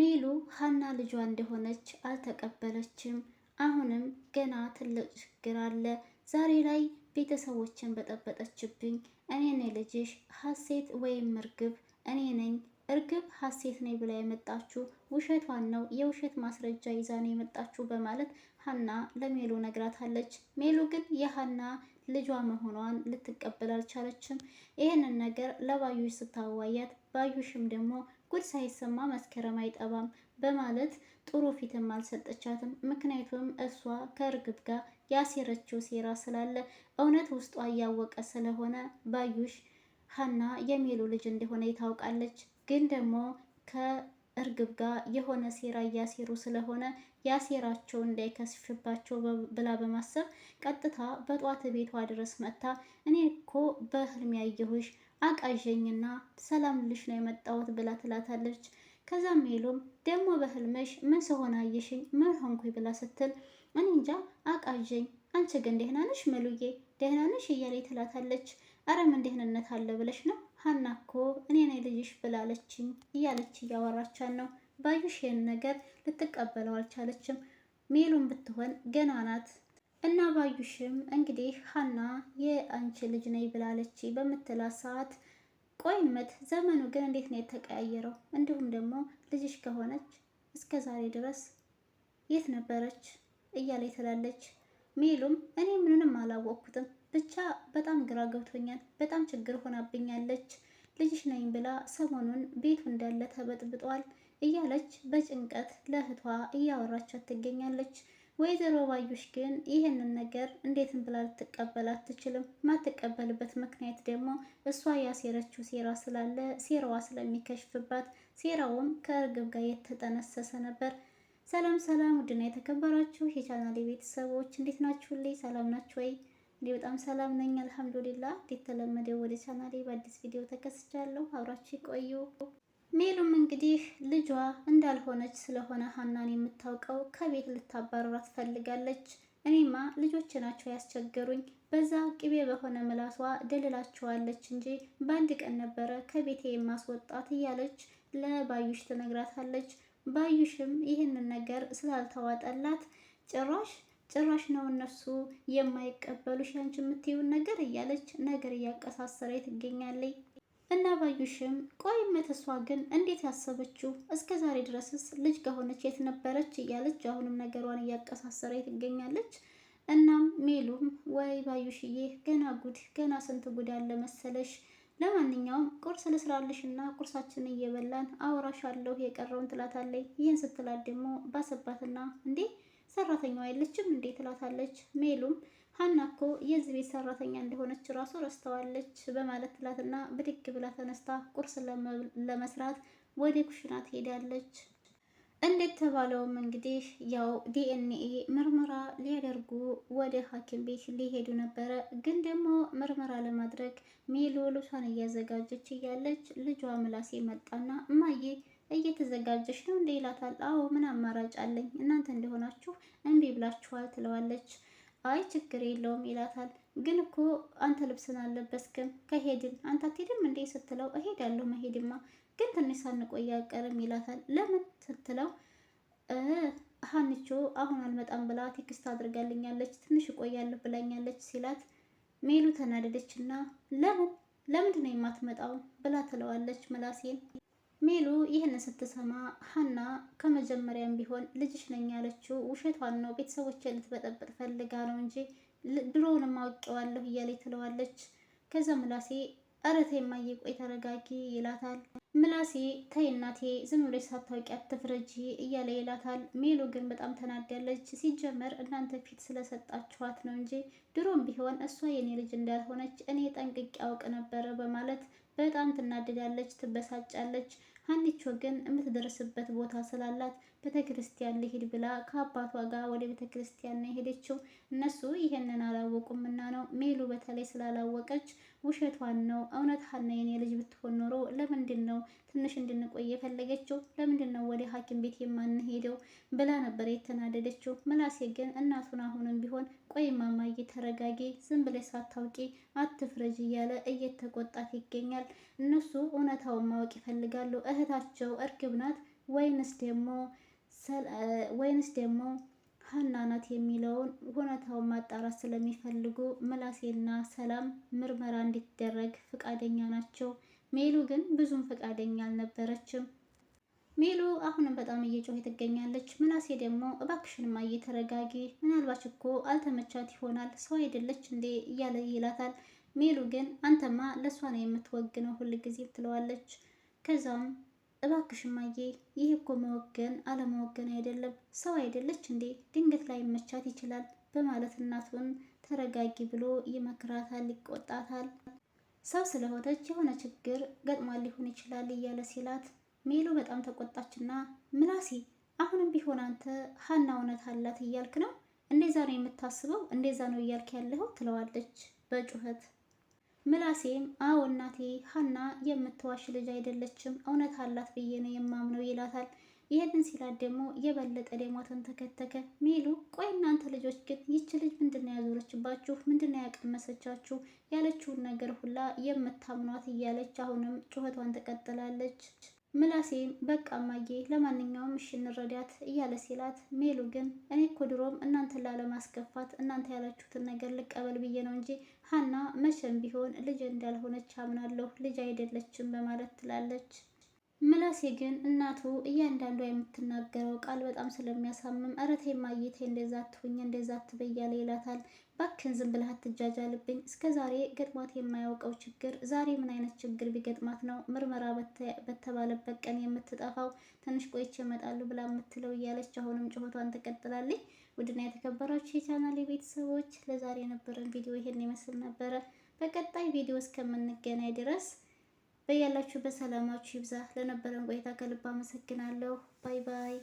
ሚሉ ሀና ልጇ እንደሆነች አልተቀበለችም። አሁንም ገና ትልቅ ችግር አለ። ዛሬ ላይ ቤተሰቦችን በጠበጠችብኝ። እኔ ነኝ ልጅሽ ሀሴት ወይም እርግብ እኔ ነኝ እርግብ ሀሴት ነኝ ብላ የመጣችሁ ውሸቷን ነው፣ የውሸት ማስረጃ ይዛ ነው የመጣችሁ በማለት ሀና ለሜሉ ነግራታለች። ሜሉ ግን የሀና ልጇ መሆኗን ልትቀበል አልቻለችም። ይህንን ነገር ለባዩሽ ስታዋያት፣ ባዩሽም ደግሞ ጉድ ሳይሰማ መስከረም አይጠባም በማለት ጥሩ ፊትም አልሰጠቻትም። ምክንያቱም እሷ ከእርግብ ጋር ያሴረችው ሴራ ስላለ እውነት ውስጧ እያወቀ ስለሆነ ባዩሽ ሀና የሚሉ ልጅ እንደሆነ ይታውቃለች። ግን ደግሞ ከ እርግብ ጋር የሆነ ሴራ እያሴሩ ስለሆነ ያ ሴራቸው እንዳይከስፍባቸው ብላ በማሰብ ቀጥታ በጧት ቤቷ ድረስ መጥታ እኔ እኮ በህልም ያየሁሽ አቃዠኝና ሰላም ልሽ ነው የመጣሁት ብላ ትላታለች። ከዛም ሄሎም ደግሞ በህልምሽ ምን ስሆን አየሽኝ? ምን ሆንኩኝ? ብላ ስትል እኔ እንጃ አቃዠኝ፣ አንቺ ግን ደህና ነሽ? ምሉዬ ደህና ነሽ? እያለኝ ትላታለች። አረ ምን ደህንነት አለ ብለሽ ነው ሀና እኮ እኔ ነኝ ልጅሽ ብላለችኝ እያለች እያወራቻን ነው። ባዩሽ ይህን ነገር ልትቀበለው አልቻለችም። ሜሉን ብትሆን ገና ናት እና ባዩሽም እንግዲህ ሀና የአንቺ ልጅ ነኝ ብላለች በምትላ ሰዓት ቆይመት ዘመኑ ግን እንዴት ነው የተቀያየረው? እንዲሁም ደግሞ ልጅሽ ከሆነች እስከ ዛሬ ድረስ የት ነበረች እያለ ትላለች። ሜሉም እኔ ምንንም አላወቅኩትም ብቻ በጣም ግራ ገብቶኛል። በጣም ችግር ሆናብኛለች። ልጅሽ ነኝ ብላ ሰሞኑን ቤቱ እንዳለ ተበጥብጧል እያለች በጭንቀት ለእህቷ እያወራቻት ትገኛለች። ወይዘሮ ባዩሽ ግን ይህንን ነገር እንዴትም ብላ ልትቀበል አትችልም። ማትቀበልበት ምክንያት ደግሞ እሷ ያሴረችው ሴራ ስላለ ሴራዋ ስለሚከሽፍባት፣ ሴራውም ከእርግብ ጋር የተጠነሰሰ ነበር። ሰላም ሰላም! ውድና የተከበራችሁ የቻናሌ ቤተሰቦች እንዴት ናችሁልኝ? ሰላም ናችሁ ወይ? እንዴ በጣም ሰላም ነኝ፣ አልሐምዱሊላ። እንደተለመደው ወደ ቻናሌ በአዲስ ቪዲዮ ተከስቻለሁ። አብራችሁ ቆዩ። ሜሉም እንግዲህ ልጇ እንዳልሆነች ስለሆነ ሀናን የምታውቀው ከቤት ልታባረራ ትፈልጋለች። እኔማ ልጆች ናቸው ያስቸገሩኝ፣ በዛ ቅቤ በሆነ ምላሷ ደልላቸዋለች እንጂ በአንድ ቀን ነበረ ከቤቴ የማስወጣት እያለች ለባዩሽ ትነግራታለች። ባዩሽም ይህንን ነገር ስላልተዋጠላት ጭራሽ ጭራሽ ነው እነሱ የማይቀበሉሽ አንቺ የምትይውን ነገር እያለች ነገር እያቀሳሰረ ትገኛለች። እና ባዩሽም ቆይ መተሷ ግን እንዴት ያሰበችው እስከ ዛሬ ድረስስ ልጅ ከሆነች የት ነበረች? እያለች አሁንም ነገሯን እያቀሳሰረ ትገኛለች። እናም ሜሉም ወይ ባዩሽዬ ገና ጉድ ገና ስንት ጉድ አለ መሰለሽ ለማንኛውም ቁርስ ልስራልሽ እና ቁርሳችን እየበላን አውራሽ አለሁ የቀረውን ትላታለች። ይህን ስትላት ደግሞ ባሰባትና እንዴ ሰራተኛዋ የለችም እንዴት ትላታለች። ሜሉም ሀና እኮ የዚህ ቤት ሰራተኛ እንደሆነች ራሱ ረስተዋለች በማለት ትላትና ብድግ ብላ ተነስታ ቁርስ ለመስራት ወደ ኩሽና ትሄዳለች። እንዴት ተባለውም እንግዲህ ያው ዲኤንኤ ምርመራ ሊያደርጉ ወደ ሐኪም ቤት ሊሄዱ ነበረ። ግን ደግሞ ምርመራ ለማድረግ ሜሉ ልብሷን እያዘጋጀች እያለች ልጇ ምላሴ መጣና እማዬ እየተዘጋጀሽ ነው እንደ ይላታል። አዎ ምን አማራጭ አለኝ እናንተ እንደሆናችሁ እንቢ ብላችኋል ትለዋለች። አይ ችግር የለውም ይላታል። ግን እኮ አንተ ልብስን አለበስክም ከሄድን አንተ አትሄድም እንዴ ስትለው እሄዳለሁ መሄድማ ግን ትንሽ ሳንቆይ አይቀርም ይላታል። ለምን ስትለው ሀንቾ አሁን አልመጣም ብላ ቴክስት አድርጋልኛለች ትንሽ እቆያለሁ ብላኛለች ሲላት ሜሉ ተናደደች እና ለምን ለምንድን ነው የማትመጣው ብላ ትለዋለች ምላሴን ሜሉ ይህን ስትሰማ ሀና ከመጀመሪያም ቢሆን ልጅሽ ነኝ ያለችው ውሸቷን ነው፣ ቤተሰቦቼ ልትበጠብጥ ፈልጋ ነው እንጂ ድሮውንም አውቄዋለሁ እያለች ትለዋለች። ከዛ ምላሴ ኧረ ተይ እማዬ ቆይ ተረጋጊ ይላታል። ምላሴ ተይ እናቴ ዝም ብለሽ ሳታውቂ አትፍረጂ እያለ ይላታል። ሜሉ ግን በጣም ተናዳለች። ሲጀመር እናንተ ፊት ስለሰጣችኋት ነው እንጂ ድሮም ቢሆን እሷ የኔ ልጅ እንዳልሆነች እኔ ጠንቅቄ አውቅ ነበረ በማለት በጣም ትናደዳለች፣ ትበሳጫለች። ሀኒቾ ግን የምትደርስበት ቦታ ስላላት ቤተክርስቲያን ልሂድ ብላ ከአባቷ ጋር ወደ ቤተክርስቲያን ነው የሄደችው። እነሱ ይሄንን አላ በተለይ ስላላወቀች ውሸቷን ነው። እውነት ሀና የኔ ልጅ ብትሆን ኖሮ ለምንድን ነው ትንሽ እንድንቆይ የፈለገችው? ለምንድን ነው ወደ ሐኪም ቤት የማንሄደው ብላ ነበር የተናደደችው። ምላሴ ግን እናቱን አሁንም ቢሆን ቆይ ማማዬ ተረጋጊ፣ ዝም ብለሽ ሳታውቂ አትፍረጅ እያለ እየተቆጣት ይገኛል። እነሱ እውነታውን ማወቅ ይፈልጋሉ። እህታቸው እርግብ ናት ወይንስ ደግሞ ወይንስ ደግሞ ሀና ናት የሚለውን እውነታውን ማጣራት ስለሚፈልጉ ምላሴና ሰላም ምርመራ እንዲደረግ ፈቃደኛ ናቸው። ሜሉ ግን ብዙም ፈቃደኛ አልነበረችም። ሜሉ አሁንም በጣም እየጮህ ትገኛለች። ምናሴ ደግሞ ማየ ተረጋጊ፣ ምናልባች እኮ አልተመቻት ይሆናል ሰው አይደለች እንዴ እያለ ይላታል። ሜሉ ግን አንተማ ለእሷ ነው የምትወግነው ሁልጊዜ ትለዋለች። ከዛም እባክሽ እማዬ፣ ይህ እኮ መወገን አለመወገን አይደለም። ሰው አይደለች እንዴ? ድንገት ላይ መቻት ይችላል በማለት እናቱን ተረጋጊ ብሎ ይመክራታል፣ ይቆጣታል። ሰው ስለሆነች የሆነ ችግር ገጥሟ ሊሆን ይችላል እያለ ሲላት ሜሉ በጣም ተቆጣችና ምላሴ አሁንም ቢሆን አንተ ሀና እውነት አላት እያልክ ነው? እንደዛ ነው የምታስበው? እንደዛ ነው እያልክ ያለኸው? ትለዋለች በጩኸት ምላሴም አዎ እናቴ ሀና የምትዋሽ ልጅ አይደለችም፣ እውነት አላት ብዬ ነው የማምነው ይላታል። ይህንን ሲላት ደግሞ የበለጠ ደማቱን ተከተከ። ሚሉ ቆይ እናንተ ልጆች ግን ይች ልጅ ምንድነው ያዞረችባችሁ? ምንድነው ያቀመሰቻችሁ? ያለችውን ነገር ሁላ የምታምኗት እያለች አሁንም ጩኸቷን ትቀጥላለች። ምላሴም በቃ እማዬ ለማንኛውም እሺ እንረዳት እያለ ሲላት፣ ሜሉ ግን እኔ እኮ ድሮም እናንተን ላለማስከፋት እናንተ ያላችሁትን ነገር ልቀበል ብዬ ነው እንጂ ሀና መቼም ቢሆን ልጅ እንዳልሆነች አምናለሁ፣ ልጅ አይደለችም በማለት ትላለች። ምላሴ ግን እናቱ እያንዳንዷ የምትናገረው ቃል በጣም ስለሚያሳምም እረቴ ማየቴ እንደዛ አትሁኝ እንደዛ አትበይ እያለ ይላታል። ባክን ዝም ብለህ አትጃጃልብኝ። እስከ ዛሬ ገጥሟት የማያውቀው ችግር ዛሬ ምን አይነት ችግር ቢገጥማት ነው ምርመራ በተባለበት ቀን የምትጠፋው? ትንሽ ቆይቼ እመጣለሁ ብላ የምትለው እያለች አሁንም ጩኸቷን ትቀጥላለች። ውድና የተከበራችሁ የቻናል ቤተሰቦች ለዛሬ የነበረን ቪዲዮ ይሄን ይመስል ነበረ። በቀጣይ ቪዲዮ እስከምንገናኝ ድረስ በያላችሁ በሰላማችሁ ይብዛ። ለነበረን ቆይታ ከልብ አመሰግናለሁ። ባይ ባይ።